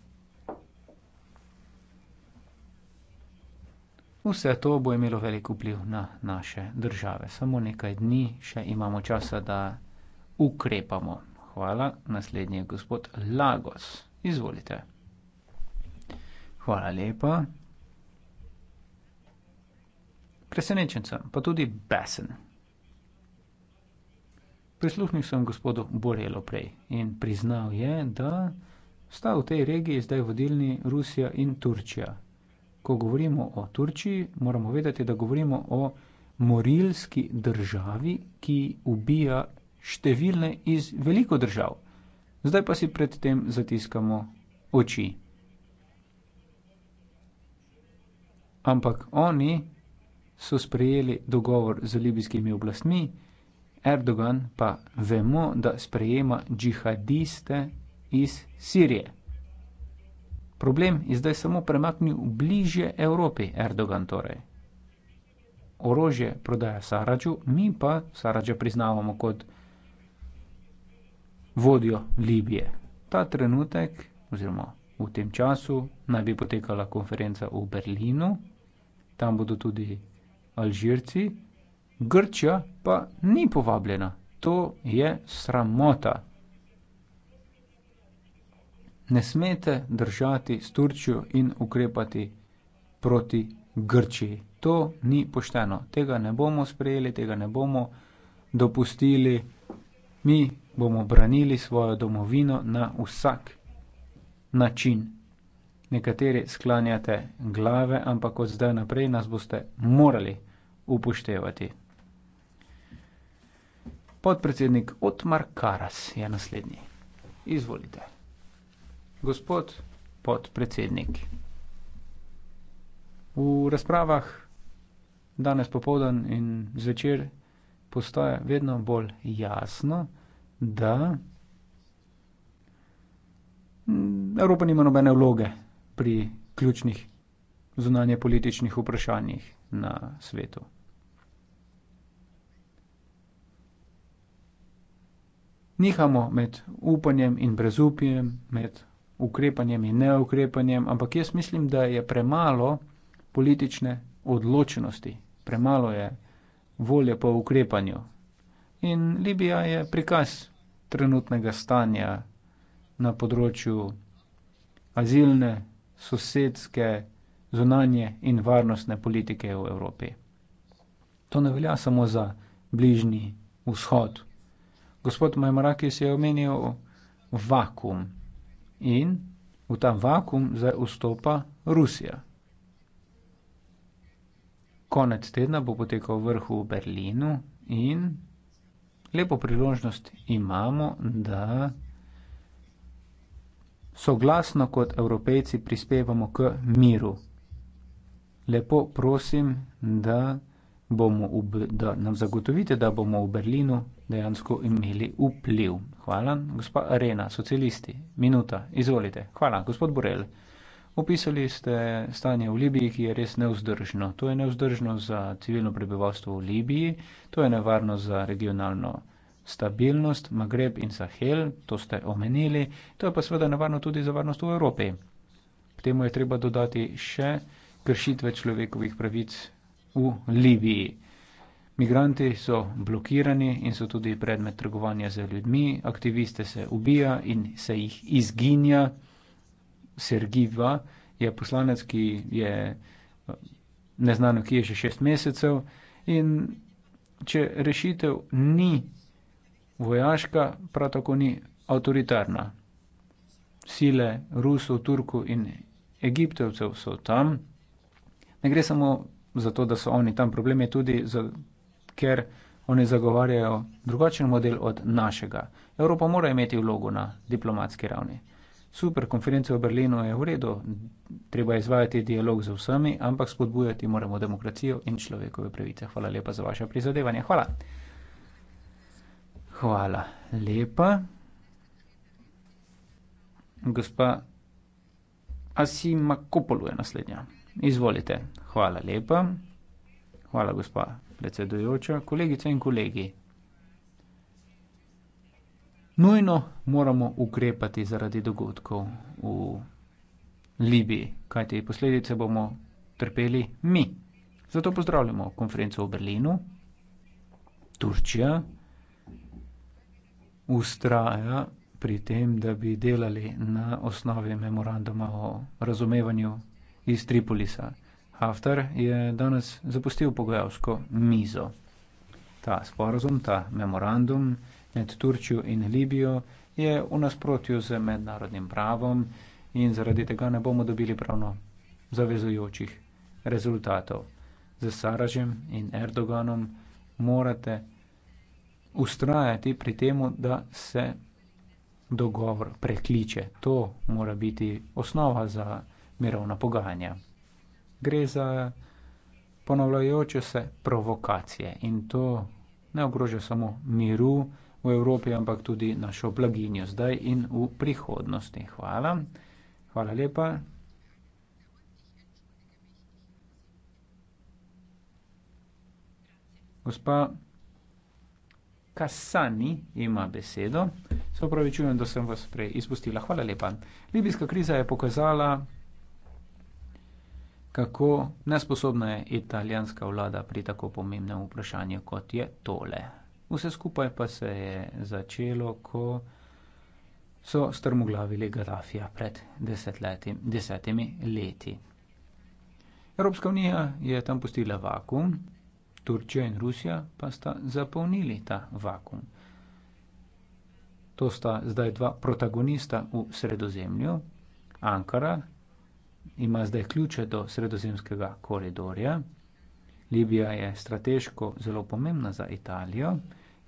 Vse to bo imelo velik vpliv na naše države. Samo nekaj dni še imamo časa, da ukrepamo. Hvala. Naslednji je gospod Lagos. Izvolite. Hvala lepa. Presenečen sem, pa tudi besen. Prisluhnil sem gospodu Borelo prej in priznal je, da sta v tej regiji zdaj vodilni Rusija in Turčija. Ko govorimo o Turčiji, moramo vedeti, da govorimo o morilski državi, ki ubija številne iz veliko držav. Zdaj pa si predtem zatiskamo oči. Ampak oni so sprejeli dogovor z libijskimi oblastmi, Erdogan pa vemo, da sprejema džihadiste iz Sirije. Problem je zdaj samo premaknil bliže Evropi, Erdogan torej. Orožje prodaja Saradžu, mi pa Saradža priznavamo kot vsega vodjo Libije. Ta trenutek, oziroma v tem času, naj bi potekala konferenca v Berlinu, tam bodo tudi Alžirci, Grčija pa ni povabljena. To je sramota. Ne smete držati s Turčijo in ukrepati proti Grčiji. To ni pošteno. Tega ne bomo sprejeli, tega ne bomo dopustili. Mi bomo branili svojo domovino na vsak način. Nekateri sklanjate glave, ampak od zdaj naprej nas boste morali upoštevati. Podpredsednik Otmar Karas je naslednji. Izvolite. Gospod podpredsednik. V razpravah danes popoldan in zvečer postaja vedno bolj jasno, da Evropa nima nobene vloge pri ključnih zunanje političnih vprašanjih na svetu. Nihamo med upanjem in brezupjem, med ukrepanjem in neukrepanjem, ampak jaz mislim, da je premalo politične odločenosti, premalo je volje po ukrepanju In Libija je prikaz trenutnega stanja na področju azilne, sosedske, zunanje in varnostne politike v Evropi. To ne velja samo za bližnji vzhod. Gospod Majmarakis je omenil vakum in v ta vakum zdaj vstopa Rusija. Konec tedna bo potekal vrhu v Berlinu in lepo priložnost imamo, da soglasno kot evropejci prispevamo k miru. Lepo prosim, da, bomo ob, da nam zagotovite, da bomo v Berlinu dejansko imeli vpliv. Hvala, gospod Arena, socialisti. Minuta, izvolite. Hvala, gospod Borel. Opisali ste stanje v Libiji, ki je res neuzdržno. To je neuzdržno za civilno prebivalstvo v Libiji, to je nevarno za regionalno stabilnost, Magreb in Sahel, to ste omenili, to je pa seveda nevarno tudi za varnost v Evropi. K temu je treba dodati še kršitve človekovih pravic v Libiji. Migranti so blokirani in so tudi predmet trgovanja z ljudmi, aktiviste se ubija in se jih izginja. Sergiva je poslanec, ki je neznano, ki je že šest mesecev. In če rešitev ni vojaška, prav tako ni avtoritarna. Sile Rusov, Turku in Egiptovcev so tam. Ne gre samo zato, da so oni tam problem, je tudi, za, ker oni zagovarjajo drugačen model od našega. Evropa mora imeti vlogo na diplomatski ravni super, konference v Berlinu je v redu, treba izvajati dialog z vsemi, ampak spodbujati moramo demokracijo in človekove pravice. Hvala lepa za vaše prizadevanje. Hvala. Hvala lepa. Gospa Asima Kopolu je naslednja. Izvolite. Hvala lepa. Hvala, gospa predsedujoča. Kolegice in kolegi nujno moramo ukrepati zaradi dogodkov v Libiji, kajte posledice bomo trpeli mi. Zato pozdravljamo konferenco v Berlinu, Turčija ustraja pri tem, da bi delali na osnovi memoranduma o razumevanju iz Tripolisa. Haftar je danes zapustil pogajalsko mizo. Ta sporazum, ta memorandum med Turčijo in Libijo je v nasprotju z mednarodnim pravom in zaradi tega ne bomo dobili pravno zavezujočih rezultatov. Z Saražem in Erdoganom morate ustrajati pri tem, da se dogovor prekliče. To mora biti osnova za mirovna pogajanja. Gre za ponavljajoče se provokacije in to ne ogroža samo miru, v Evropi, ampak tudi našo blaginjo zdaj in v prihodnosti. Hvala. Hvala lepa. Gospa Kasani ima besedo. Se upravičujem, da sem vas prej izpustila. Hvala lepa. Libijska kriza je pokazala, kako nesposobna je italijanska vlada pri tako pomembnem vprašanju, kot je tole vse skupaj pa se je začelo, ko so strmoglavili Gaddafija pred desetleti, desetimi leti. Evropska unija je tam pustila vakum, Turčija in Rusija pa sta zapolnili ta vakum. To sta zdaj dva protagonista v sredozemlju. Ankara ima zdaj ključe do sredozemskega koridorja. Libija je strateško zelo pomembna za Italijo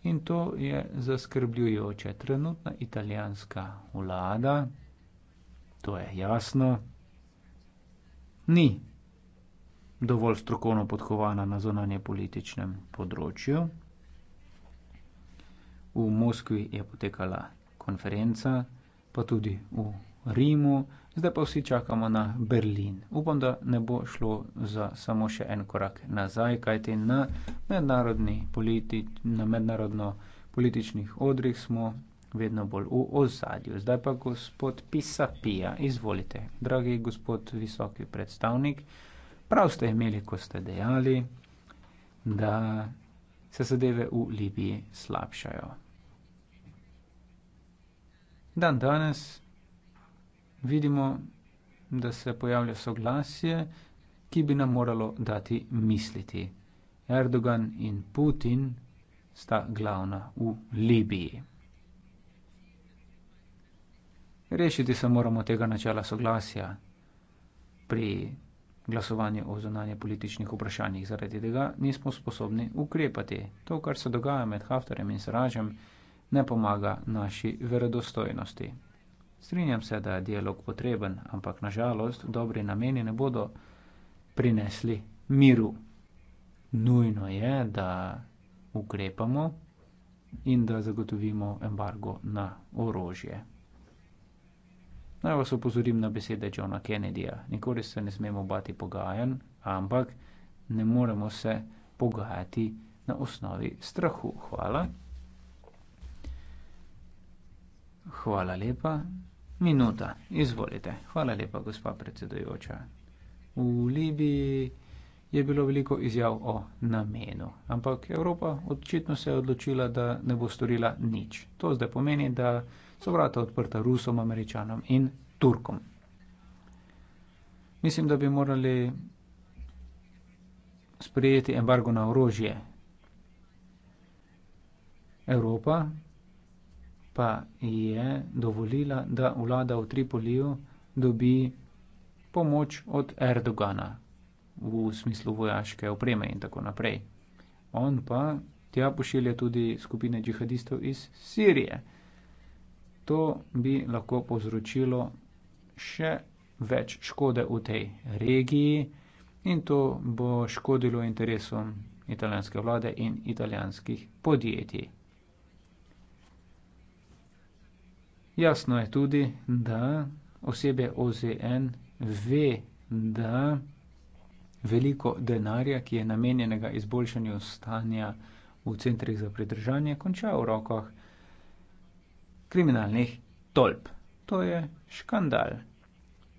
in to je zaskrbljujoče. Trenutna italijanska vlada, to je jasno, ni dovolj strokovno podkovana na zonanje političnem področju. V Moskvi je potekala konferenca, pa tudi v Rimu, zdaj pa vsi čakamo na Berlin. Upam, da ne bo šlo za samo še en korak nazaj, kajti na, mednarodni politi, na mednarodno političnih odrih smo vedno bolj v ozadju. Zdaj pa gospod Pisa Pija, izvolite. Dragi gospod visoki predstavnik, prav ste imeli, ko ste dejali, da se zadeve v Libiji slabšajo. Dan danes vidimo, da se pojavlja soglasje, ki bi nam moralo dati misliti. Erdogan in Putin sta glavna v Libiji. Rešiti se moramo tega načela soglasja pri glasovanju o zunanje političnih vprašanjih, zaradi tega nismo sposobni ukrepati. To, kar se dogaja med Haftarjem in Sražem, ne pomaga naši verodostojnosti. Strinjam se, da je dialog potreben, ampak nažalost dobri nameni ne bodo prinesli miru. Nujno je, da ukrepamo in da zagotovimo embargo na orožje. Naj vas opozorim na besede Johna Kennedyja. Nikoli se ne smemo bati pogajanj, ampak ne moremo se pogajati na osnovi strahu. Hvala. Hvala lepa. Minuta, izvolite. Hvala lepa, gospa predsedojoča. V Libiji je bilo veliko izjav o namenu, ampak Evropa očitno se je odločila, da ne bo storila nič. To zdaj pomeni, da so vrata odprta Rusom, Američanom in Turkom. Mislim, da bi morali sprejeti embargo na orožje. Evropa pa je dovolila, da vlada v Tripoliju dobi pomoč od Erdogana v smislu vojaške opreme in tako naprej. On pa tja pošilja tudi skupine džihadistov iz Sirije. To bi lahko povzročilo še več škode v tej regiji in to bo škodilo interesom italijanske vlade in italijanskih podjetij. Jasno je tudi, da osebe OZN ve, da veliko denarja, ki je namenjenega izboljšanju stanja v centrih za pridržanje, konča v rokah kriminalnih tolp. To je škandal.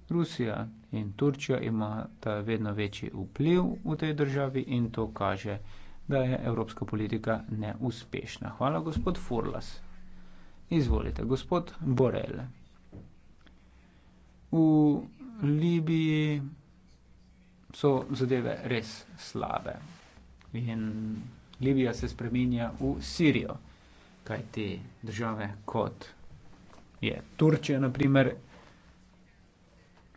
Rusija in Turčija imata vedno večji vpliv v tej državi in to kaže, da je evropska politika neuspešna. Hvala, gospod Furlas. Izvolite, gospod Borel. V Libiji so zadeve res slabe in Libija se spremenja v Sirijo, kaj te države kot je Turčija, na primer,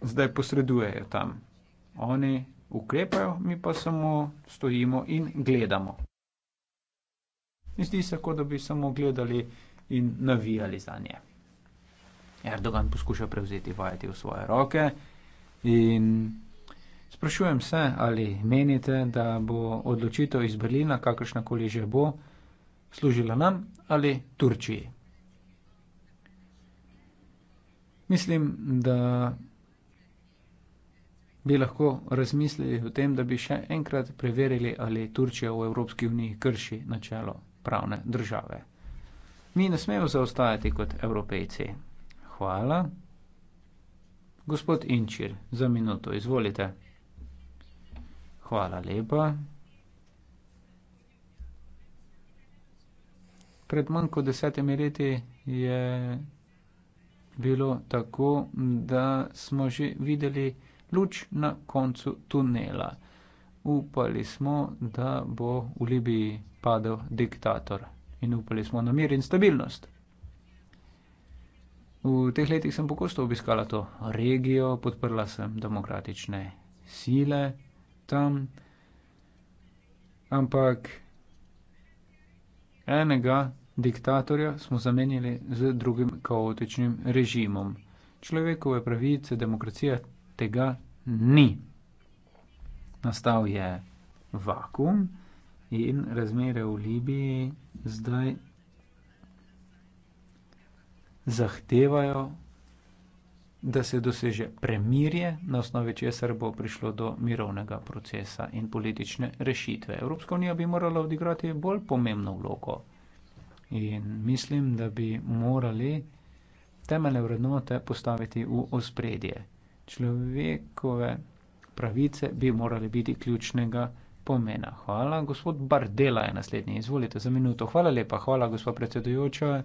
zdaj posredujejo tam. Oni ukrepajo, mi pa samo stojimo in gledamo. Zdi se, kot da bi samo gledali in navijali za nje. Erdogan poskuša prevzeti vajeti v svoje roke in sprašujem se, ali menite, da bo odločitev iz Berlina, kakršnakoli že bo, služila nam ali Turčiji. Mislim, da bi lahko razmislili o tem, da bi še enkrat preverili, ali Turčija v Evropski uniji krši načelo pravne države. Mi ne smemo zaostajati kot evropejci. Hvala. Gospod Inčir, za minuto, izvolite. Hvala lepa. Pred manj kot desetimi leti je bilo tako, da smo že videli luč na koncu tunela. Upali smo, da bo v Libiji padel diktator in upali smo na mir in stabilnost. V teh letih sem pogosto obiskala to regijo, podprla sem demokratične sile tam, ampak enega diktatorja smo zamenjali z drugim kaotičnim režimom. Človekove pravice, demokracija tega ni. Nastal je vakum in razmere v Libiji zdaj zahtevajo, da se doseže premirje, na osnovi česar bo prišlo do mirovnega procesa in politične rešitve. Evropska unija bi morala odigrati bolj pomembno vlogo in mislim, da bi morali temeljne vrednote postaviti v ospredje. Človekove pravice bi morali biti ključnega pomena. Hvala, gospod Bardela je naslednji. Izvolite za minuto. Hvala lepa, hvala, gospod predsedujoča.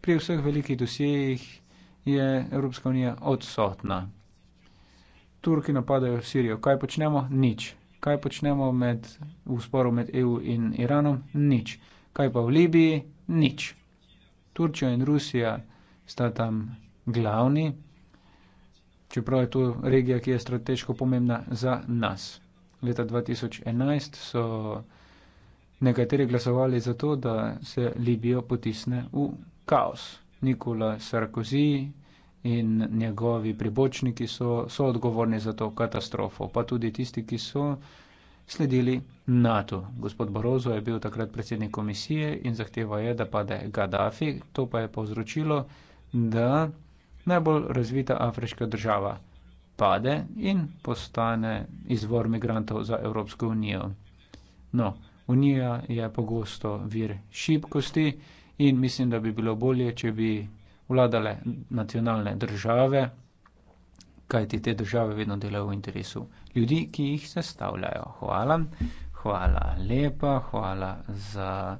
Pri vseh velikih dosjejih je Evropska unija odsotna. Turki napadajo Sirijo. Kaj počnemo? Nič. Kaj počnemo med, v sporu med EU in Iranom? Nič. Kaj pa v Libiji? Nič. Turčija in Rusija sta tam glavni, čeprav je to regija, ki je strateško pomembna za nas leta 2011 so nekateri glasovali za to, da se Libijo potisne v kaos. Nikola Sarkozy in njegovi pribočniki so, so odgovorni za to katastrofo, pa tudi tisti, ki so sledili NATO. Gospod Barozo je bil takrat predsednik komisije in zahteva je, da pade Gaddafi. To pa je povzročilo, da najbolj razvita afriška država pade in postane izvor migrantov za Evropsko unijo. No, unija je pogosto vir šibkosti in mislim, da bi bilo bolje, če bi vladale nacionalne države, kajti te države vedno delajo v interesu ljudi, ki jih sestavljajo. Hvala, hvala lepa, hvala za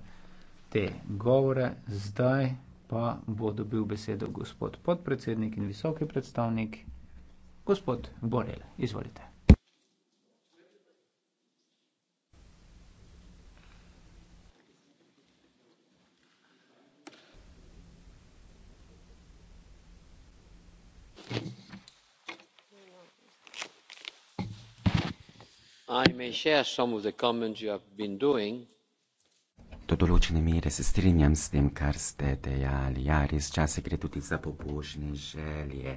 te govore. Zdaj pa bo dobil besedo gospod podpredsednik in visoki predstavnik gospod Borel. Izvolite. Do določene mere se strinjam s tem, kar ste dejali. Ja, res, včasih gre tudi za pobožne želje.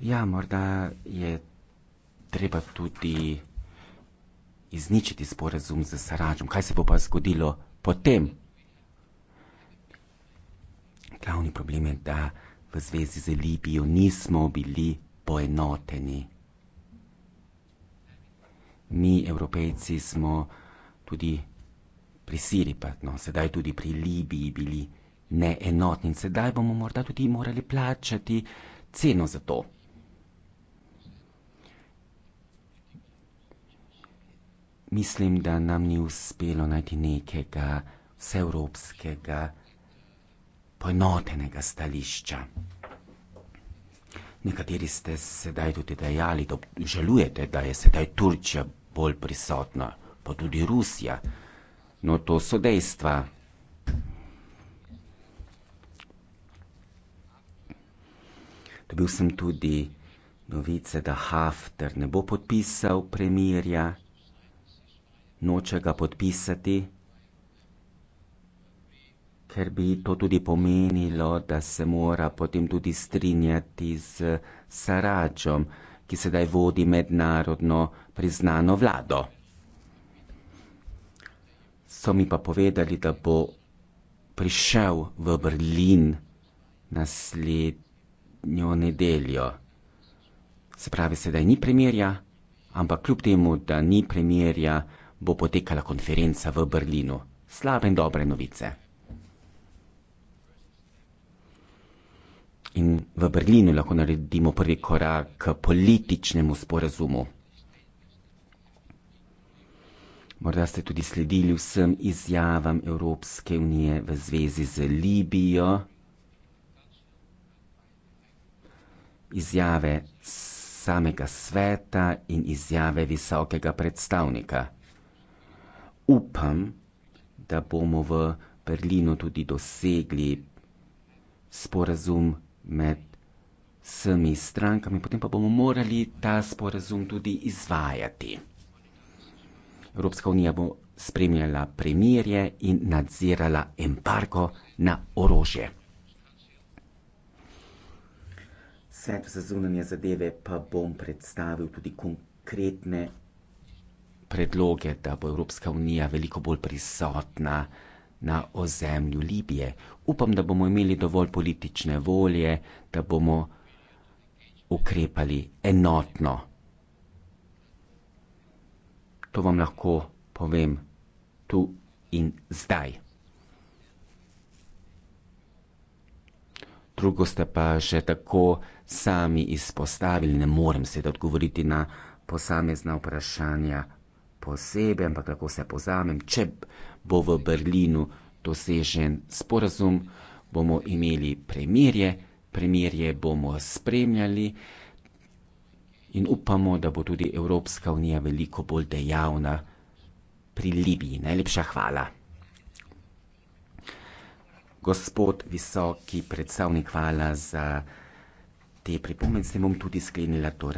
Ja, morda je treba tudi izničiti sporazum z Saradžom. Kaj se bo pa zgodilo potem? Glavni problem je, da v zvezi z Libijo nismo bili poenoteni. Mi, Evropejci, smo tudi pri Siriji, pa no, sedaj tudi pri Libiji bili neenotni in sedaj bomo morda tudi morali plačati ceno za to. Mislim, da nam ni uspelo najti nekega vseevropskega poenotenega stališča. Nekateri ste sedaj tudi dejali, da obžalujete, da je sedaj Turčija bolj prisotna, pa tudi Rusija. No, to so dejstva. Dobil sem tudi novice, da Hafter ne bo podpisal premirja, noče ga podpisati, ker bi to tudi pomenilo, da se mora potem tudi strinjati z Saradžom, ki sedaj vodi mednarodno priznano vlado so mi pa povedali, da bo prišel v Berlin naslednjo nedeljo. Se pravi, sedaj ni premirja, ampak kljub temu, da ni premirja, bo potekala konferenca v Berlinu. Slabe in dobre novice. In v Berlinu lahko naredimo prvi korak k političnemu sporazumu. Morda ste tudi sledili vsem izjavam Evropske unije v zvezi z Libijo. Izjave samega sveta in izjave visokega predstavnika. Upam, da bomo v Berlinu tudi dosegli sporazum med vsemi strankami, potem pa bomo morali ta sporazum tudi izvajati. Evropska unija bo spremljala premirje in nadzirala embargo na orožje. Svet za zunanje zadeve pa bom predstavil tudi konkretne predloge, da bo Evropska unija veliko bolj prisotna na ozemlju Libije. Upam, da bomo imeli dovolj politične volje, da bomo ukrepali enotno to vam lahko povem tu in zdaj. Drugo ste pa že tako sami izpostavili, ne morem se odgovoriti na posamezna vprašanja posebej, ampak lahko se pozamem. Če bo v Berlinu dosežen sporazum, bomo imeli premirje, premirje bomo spremljali in upamo, da bo tudi Evropska unija veliko bolj dejavna pri Libiji. Najlepša hvala. Gospod visoki predstavnik, hvala za te pripombe in se bom tudi sklenila to razvoj.